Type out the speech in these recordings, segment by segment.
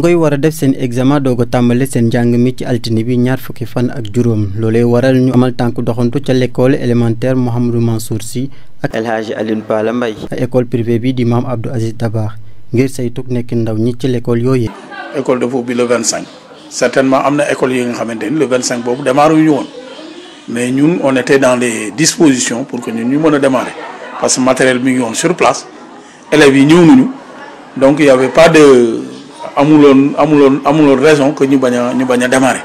ndongo wara def sen examen dogo a sen jang mi ci altini bi ñaar fukki fan ak juróom lolé waral ñu amal tànk doxantu ci l'école élémentaire Mouhamadou Mansour Sy ak El Hadji Alioune Pala Mbaye école privée bi di Maam Abdou Aziz Dabakh ngir say tuk nek ndaw ñi ci l'école yoyé école de dafa bi le 25 certainement amna école yi nga xamante le 25 bobu démarré ñu won mais ñun on était dans les dispositions pour que ñun ñu mëna démarrer parce que matériel mi ngi won sur place élèves yi ñëw nañu donc il y avait pas de amuloon amuloon amuloon raison que ñu bañ ñu démarrer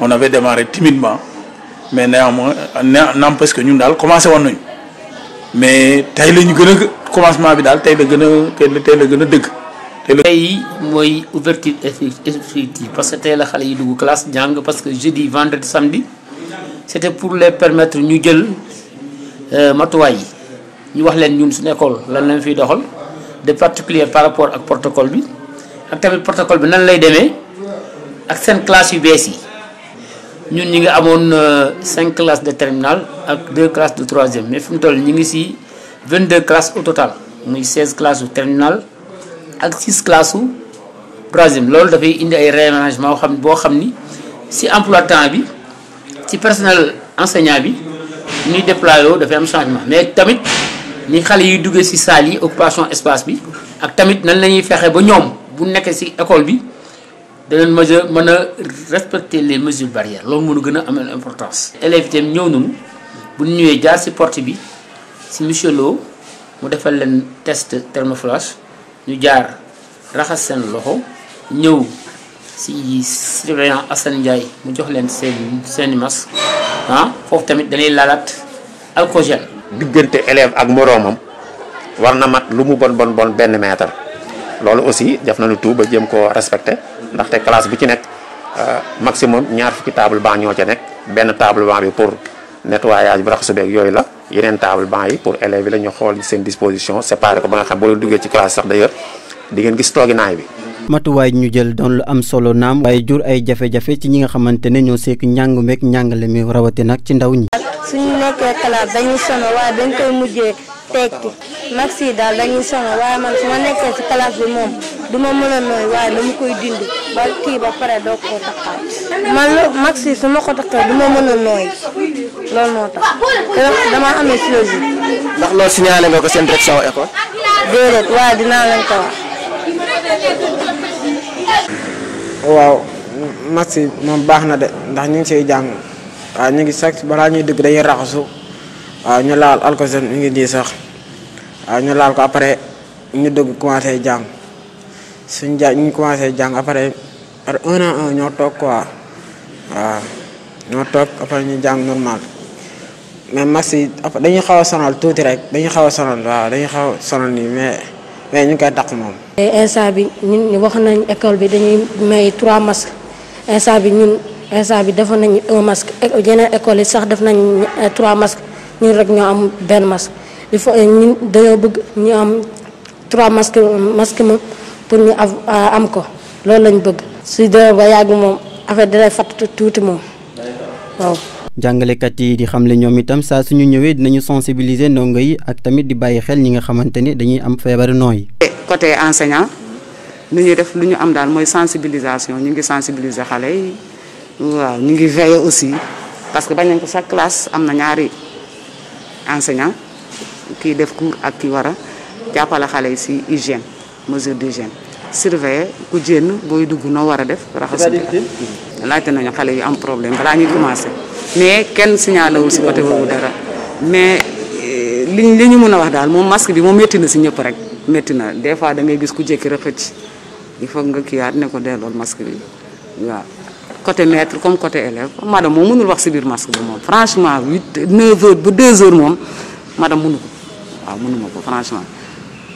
on avait démarré timidement mais néanmoins n'empêche que ñun avons commencé woon mais tey la ñu gën a commencement bi daal tey la gën a tey la gën a parce que tey la xale yi classe jàng parce que jeudi vendredi samedi c'était pour les permettre ñu jël euh, matuwaay yi ñu wax avons ñun suñu école lan lañ fiy doxal de particulier par rapport au protocole bi avec le protocole bi nan lay classes. ak seen classe yu yi euh, classes de terminale et 2 classes de troisième mais nous avons toll 22 classes au total muy 16 classes de terminale et 6 classes de troisième loolu dafay indi ay réarrangement xam boo xam si emploi temps bi ci personnel enseignant bi nous déployé woo dafay am changement mais tamit ñi xale yuy duggee si salle yi occupation espace bi ak tamit nan la ñuy ba ñoom bu nekkee si école bi danañ mën respecter les mesures barrières loolu mënu gën a am importance. élèves itam ñëw nañu bu ñu ñëwee jaar si porte bi si monsieur Lo mu defal leen test thermoflash ñu jaar raxas seen loxo ñëw si surveillant Assane Ndiaye mu jox leen seen seeni masque han ah, fofu tamit dañuy laalaat alcogel digënté élève ak moromam warna mat lu mu bon bon bon benn mètre. loolu aussi def nañu tout ba jéem koo respecté ndaxte classe bu ci nekk euh, maximum ñaar fukki table banc ñoo ca nekk benn table banc bi pour nettoyage bi raxasu beeg yooyu la yeneen table banc yi pour élèves yi la xool seen disposition séparé ko ba nga xam boo duggee ci classe sax d'ailleurs di ngeen gis toogi naay bi matuwaay ñu jël doon lu am solo naam waaye jur ay jafe-jafe ci ñi nga xamante ne ñoo seek njàng meeg njàngale mi rawati nag ci ndaw ñi suñu tekki max yi daal dañuy sonn waaye man su ma nekkee ci classe bi moom du ma mën a nooy waaye dama koy dindi ba kii ba pare doo ko taxaat man la max su ma ko taxee du ma mën a nooy loolu moo tax te dama amee silosi ndax loolu signalé nga ko seen direction école déedéet waaye dinaa leen ko wax waaw moom baax na de ndax ñu ngi see jàng waaw ñu ngi sax balaa ñuy dëgg dañuy raxasu waaw ñu laal alkosem mi ngi di sax waaw ñu laal ko après ñu dëgg commencé jàng suñ ja ñu commencé jàng après par un ñoo toog quoi waaw ñoo toog après ñu jàng normal mais max yi dañuy xaw a sonal tuuti rek dañuy xaw a sonal waaw dañuy xaw a sonal nii mais mais ñu ngi koy taq moom. instant bi ñu wax nañ école bi dañuy may trois masques instant bi ñu instant bi defoon nañu un école yi sax def nañ trois masques. ñun rek ñoo am benn masque il faut euh, ñun dañoo bëgg ñu am trois masques masque moom pour ñu euh, am ko loolu lañ bëgg su dee ba yàgg moom affaire dalay fàtt tuuti moom waaw jàngalekat yi di xamle ñoom itam saa suñu ñëwee dinañu sensibiliser ndongo yi ak tamit di bàyyi xel ñi nga xamante ne dañuy am feebaru nooy côté enseignant nu ñuy def lu ñu am daal mooy sensibilisation ñu ngi sensibiliser xale yi waaw ñu ngi veiller aussi parce que bañ nañ ko chaque classe am na ñaari enseignant kii def cours ak ki war a jàppale xale yi si hygiène mesure d'hygiène surveiller ku jénn booy dugg noo war a def raxas laajte nañu xale yu am problème balaa ñuy commencé mais kenn signalé wul si côté boobu dara mais liñ euh, li ñu mën a wax daal moom masque bi moom métti na si ñëpp rek métti na des fois da ngay gis ku jékki rek xëcc il faut nga kiiwaat ne ko dellool masque bi waaw côté maître comme côté élève madame mo mënul wax ci bir masque bi mom franchement 8 9h bu 2h mom madame mënu ko wa mënuma mako franchement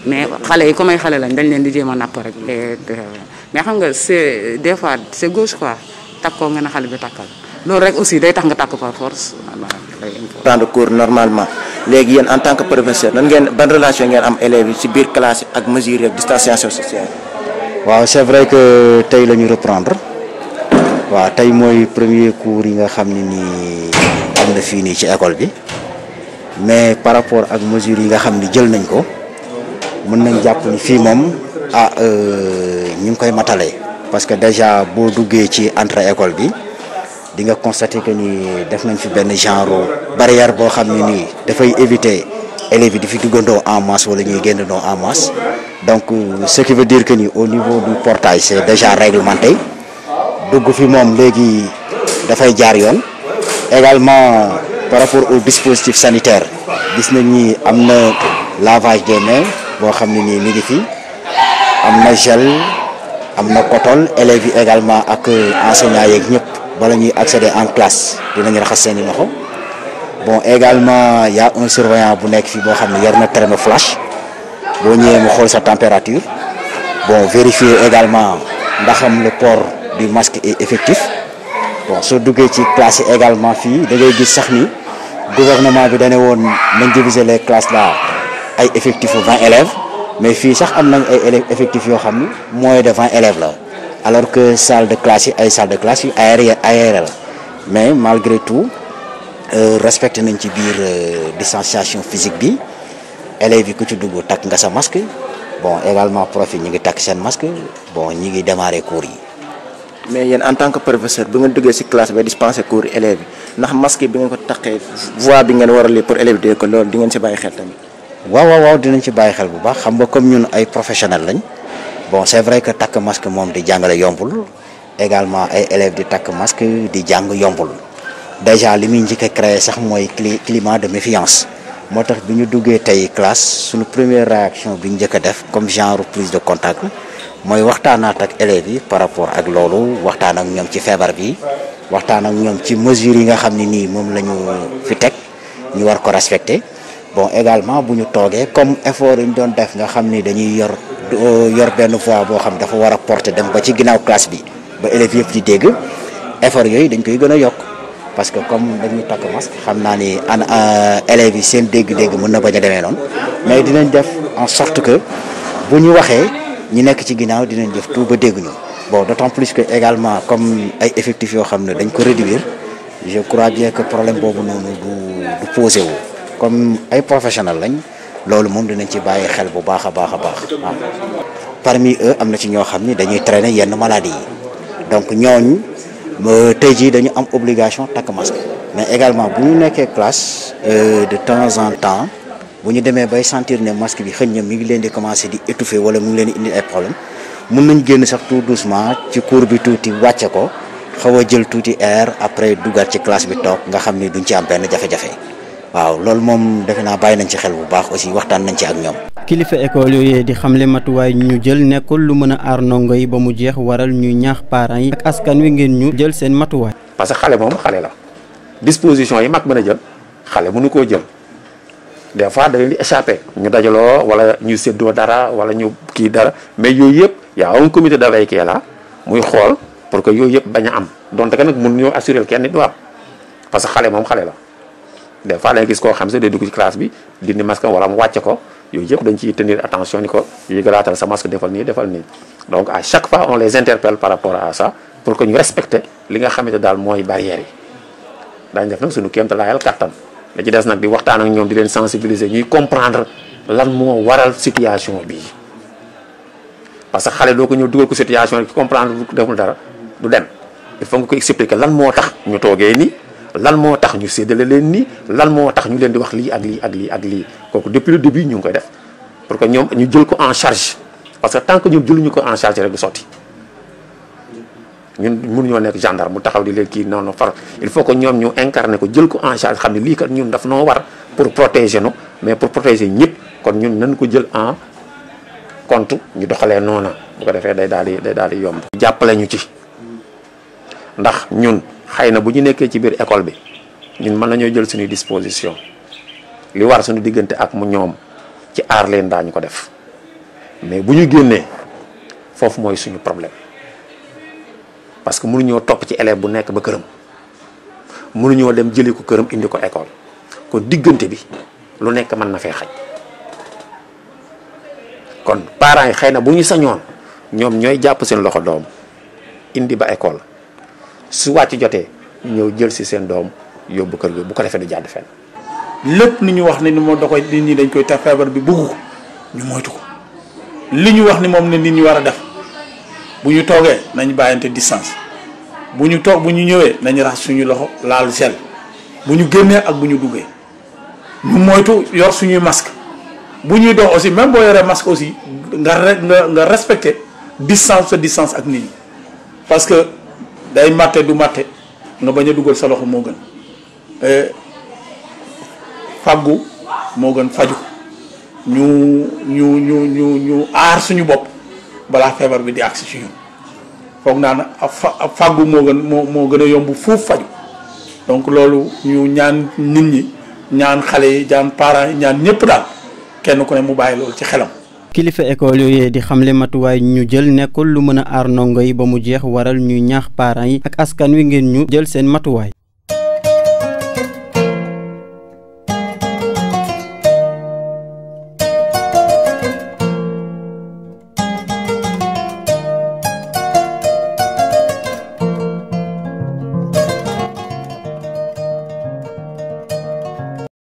mais xalé yi comme ay xalé lañ dañ leen di jéma nap rek euh, mais xam nga c'est des fois c'est gauche quoi takko nga na xalé bi takal lool rek aussi day tax nga takko par force temps de cours normalement légui yeen en tant que professeur nan ngeen ban relation ngeen am élève ci bir classe ak mesure distanciation sociale waaw c'est vrai que tay lañu reprendre waaw tey mooy premier cours yi nga xam ne nii am na fii nii ci école bi mais par rapport ak mesures yi nga xam ni jël nañ ko mën nañ jàpp ni fii moom ah euh, ñu ngi koy matale parce que déjà boo duggee ci entrée école bi di nga constater que ni def nañ fi benn genre barrière boo xam ne nii dafay éviter élèves yi di fi duggandoo en masse wala ñuy génnandoo en masse donc euh, ce qui veut dire que ni au niveau du portail c'est déjà réglementé. dugg fi moom léegi dafay jaar yoon également par rapport au dispositif sanitaire gis ni am lavage des mains boo xam ne nii mi ngi fi am na gel am na kotol élèves yi également ak enseignants yeeg ñëpp bala ñuy accéder en classe dinañ raxas seeni loxo bon également y a un surveillant bu nekk fi boo xam ne yor na thermoflash boo ñëwee mu xool sa température bon vérifier également ndaxam le port du masque est effectif bon sur duggee ci classes également fille, de l'église gouvernement a dane les classes là ay effectif 20 élèves mais fille, sax élève élèves effectifs moins de 20 élèves alors que salle de classe et salle de classe sont aérien mais malgré tout euh, respecté nañ ci euh, distanciation physique bi élèves qui tout ci masque bon également prof yi ngi un masque bon ñi ngi démarrer cours mais yeen en tant que professeur bu ngeen duggé ci classe ba dispenser cours élève ndax masque bi ngeen ko taxé voix bi ngeen waralé pour élève dégg ko lool di ngeen ci baye xel tamit. waaw waaw waaw dinañ ci baye xel bu baax xam nga comme ñun ay professionnel lañ bon c'est vrai que tak masque mom di jàngale yombul également ay élève di tak masque di jàng yombul déjà limi ñi ci créer sax moy climat de méfiance motax biñu duggé tay classe suñu première réaction biñu jëk def comme genre prise de contact waxtaan na tak élève yi par rapport ak lolu waxtaan ak ñom ci fièvre bi waxtaan ak ñom ci mesure yi nga xamni ni mom lañu fi tek ñu war ko respecter bon également buñu togué comme effort yi ñu doon def nga xamni dañuy yor euh, yor ben fois bo xam dafa wara porter dem ba ci ginaaw classe bi ba élève yëpp di dégg effort yoy dañ koy gëna yok parce que comme dañuy tak masque xamna ni an euh, élève yi seen dégg-dégg mëna na démé non mais dinañ def en sorte que buñu waxé ñi nekk ci ginnaaw dinañ def tout ba dégg ñu bon d' autant plus que également comme ay effectifs yoo xam ne dañ ko réduire je crois bien que problème boobu noonu du du posé wu comme ay professionnels lañ loolu moom dinañ ci bàyyi xel bu baax a baax a baax waaw parmi eux am na ci ñoo xam ni dañuy traîner yenn maladies yi donc ñooñu tey jii dañu am obligation takk masque mais également bu ñu nekkee classe euh, de temps en temps bu ñu bay sentir ne masque bi xëñ na mi ngi leen di commencé di étouffer wala mu ngi leen indi ay problème mën nañu génn sax tout doucement ci cour bi touti wàcce ko xawa jël touti air après dugal ci classe bi tok nga xamni duñ ci am ben jafe-jafe waaw lool mom defe na bay nañ ci xel bu baax aussi waxtaan nañ ci ak ñom kilifa école yoyé di xamle matuwaay ñu jël nekkul lu mëna ar aar yi ba mu jeex waral ñu ñaax parents yi ak askan wi ngeen ñu jël seen matuwaay. parce que xalé mom xalé la disposition yi mak mëna jël xalé mënu ko jël des fois dañu échapper ñu dajalo wala ñu seddo dara wala ñu ki dara mais yoy yep ya un comité de veille là muy xol pour que yoy yep baña am donte que nag mun ñoo assuré kenn nit waaw parce que xalé mom xalé la des fois da gis ko xam sa day dugg ci classe bi dindi masque wala mu wacc ko yoy yep dañ ci tenir attention ni ko gratal sa masque defal ni defal ni donc à chaque fois on les interpelle par rapport à ça pour que ñu respecter li nga xamé dal moy barrière yi dañ def nak suñu carton da ci dess nak di waxtaan ak ñoom di leen sensibiliser ñuy comprendre lan moo waral situation bi parce que xale doo ko ñëw dugal ko situation rek comprendre du deful dara du dem il faut nga ko expliquer lan moo tax ñu toogee nii lan moo tax ñu séddale leen nii lan moo tax ñu leen di wax lii ak lii ak lii ak lii kooku depuis le début ñu ngi koy def pour que ñoom ñu jël ko en charge parce que tant que ñoom jëluñu ko en charge rek du sotti ñun ñoo nekk gendarme mu taxaw di leen kii noonu far il faut que ñoom ñu incarné ko jël ko en charge xam ne lii kat ñun daf noo war pour protéger nu mais pour protéger ñëpp kon ñun nañ ko jël en compte ñu doxalee noona bu ko defee day daal di day daal di yomb. jàppale ñu ci ndax ñun xëy na bu ñu nekkee ci biir école bi ñun mën nañoo jël suñuy disposition li war suñu diggante ak mu ñoom ci aarleen leen daañu ko def mais bu ñu génnee foofu mooy suñu problème. parce que mënuñu top ci élève bu nekk ba kërëm mënuñu dem jëli ko kërëm indi ko école ko digënté bi lu nekk man na fay xaj kon parents yi xëy na sañoon ñom ñoy japp seen loxo doom indi ba école su wàcc joté ñew jël ci seen doom yobbu kër bi bu ko defee du jadd fenn lepp ni ñu wax ni mo da koy nit ñi dañ koy tax feebar bi bugg ñu moytu ko li ñu wax ni mom ne nit ñi wara def bu ñu toogee nañ bàyyante distance bu ñu toog bu ñu ñëwee nañ rax suñu loxo laal gel bu ñu génnee ak bu ñu duggee ñu moytu yor suñuy masque bu ñuy dox aussi même boo yoree masque aussi nga nga nga respecter distance sa distance ak nit parce que day màtte du màtte nga bañ a dugal sa loxo moo gën eh, faggu moo gën faju ñu ñu ñu ñu ñu aar suñu bopp balaa feebar bi di agsi ci ñun foog naa na ab fa ab fàggu moo gën moo moo gën a yomb fuuf faju donc loolu ñu ñaan nit ñi ñaan xale yi ñaan parents yi ñaan ñëpp daal kenn ku ne mu bàyyi loolu ci xelam. kilifa école yooyu di xamle matuwaay ñu jël nekkul lu mën a aar ndongo yi ba mu jeex waral ñuy ñaax parents yi ak askan wi ngeen ñu jël seen matuwaay.